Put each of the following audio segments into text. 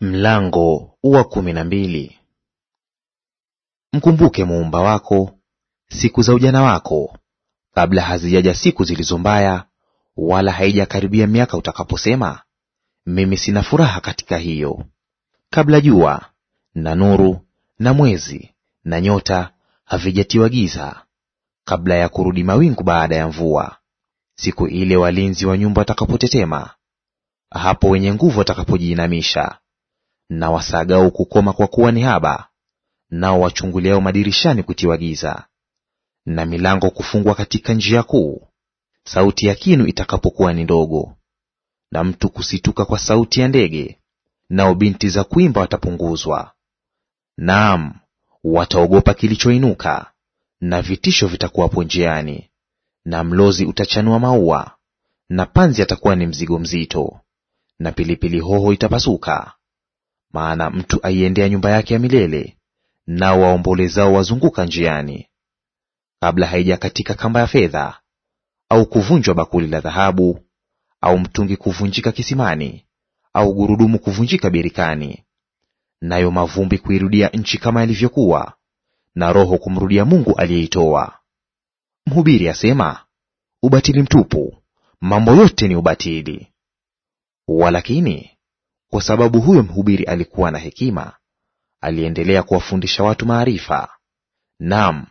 Mlango wa kumi na mbili. Mkumbuke muumba wako siku za ujana wako, kabla hazijaja siku zilizo mbaya, wala haijakaribia miaka utakaposema, mimi sina furaha katika hiyo. Kabla jua na nuru na mwezi na nyota havijatiwa giza, kabla ya kurudi mawingu baada ya mvua, siku ile walinzi wa nyumba watakapotetema, hapo wenye nguvu watakapojiinamisha na wasagao kukoma kwa kuwa ni haba, nao wachunguliao madirishani kutiwa giza, na milango kufungwa katika njia kuu, sauti ya kinu itakapokuwa ni ndogo, na mtu kusituka kwa sauti ya ndege, nao binti za kuimba watapunguzwa. Naam, wataogopa kilichoinuka, na vitisho vitakuwapo njiani, na mlozi utachanua maua, na panzi atakuwa ni mzigo mzito, na pilipili hoho itapasuka, maana mtu aiendea nyumba yake ya milele, nao waombolezao wazunguka njiani. Kabla haijakatika kamba ya fedha, au kuvunjwa bakuli la dhahabu, au mtungi kuvunjika kisimani, au gurudumu kuvunjika birikani, nayo mavumbi kuirudia nchi kama yalivyokuwa, na roho kumrudia Mungu aliyeitoa. Mhubiri asema, ubatili mtupu, mambo yote ni ubatili. Walakini kwa sababu huyo mhubiri alikuwa na hekima, aliendelea kuwafundisha watu maarifa. Naam,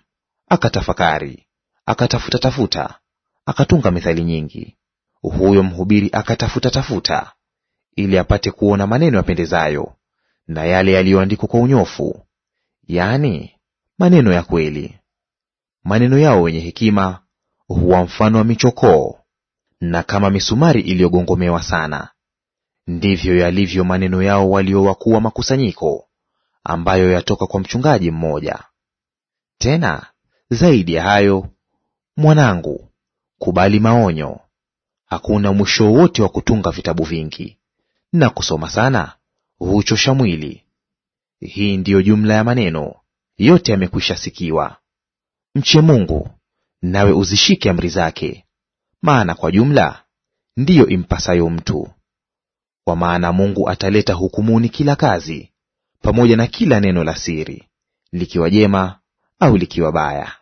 akatafakari, akatafuta tafuta, akatunga mithali nyingi. Huyo mhubiri akatafuta tafuta ili apate kuona maneno yapendezayo na yale yaliyoandikwa kwa unyofu, yaani maneno ya kweli. Maneno yao wenye hekima huwa mfano wa michokoo na kama misumari iliyogongomewa sana. Ndivyo yalivyo maneno yao waliowakuwa wa makusanyiko, ambayo yatoka kwa mchungaji mmoja. Tena zaidi ya hayo, mwanangu, kubali maonyo. Hakuna mwisho wowote wa kutunga vitabu vingi, na kusoma sana huchosha mwili. Hii ndiyo jumla ya maneno yote yamekwisha sikiwa. Mche Mungu, nawe uzishike amri zake, maana kwa jumla ndiyo impasayo mtu. Kwa maana Mungu ataleta hukumuni kila kazi pamoja na kila neno la siri, likiwa jema au likiwa baya.